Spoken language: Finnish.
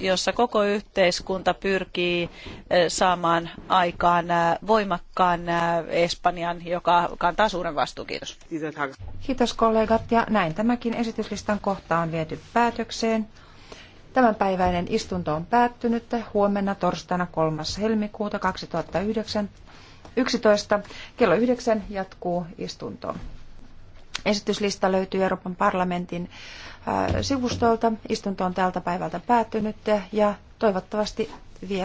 jossa koko yhteiskunta pyrkii saamaan aikaan voimakkaan Espanjan, joka kantaa suuren vastuun. Kiitos. Kiitos kollegat ja näin tämäkin esityslistan kohta on viety päätökseen. Tämänpäiväinen istunto on päättynyt huomenna torstaina 3. helmikuuta 2009 11. Kello 9 jatkuu istunto. Esityslista löytyy Euroopan parlamentin sivustolta. Istunto on tältä päivältä päättynyt ja toivottavasti vielä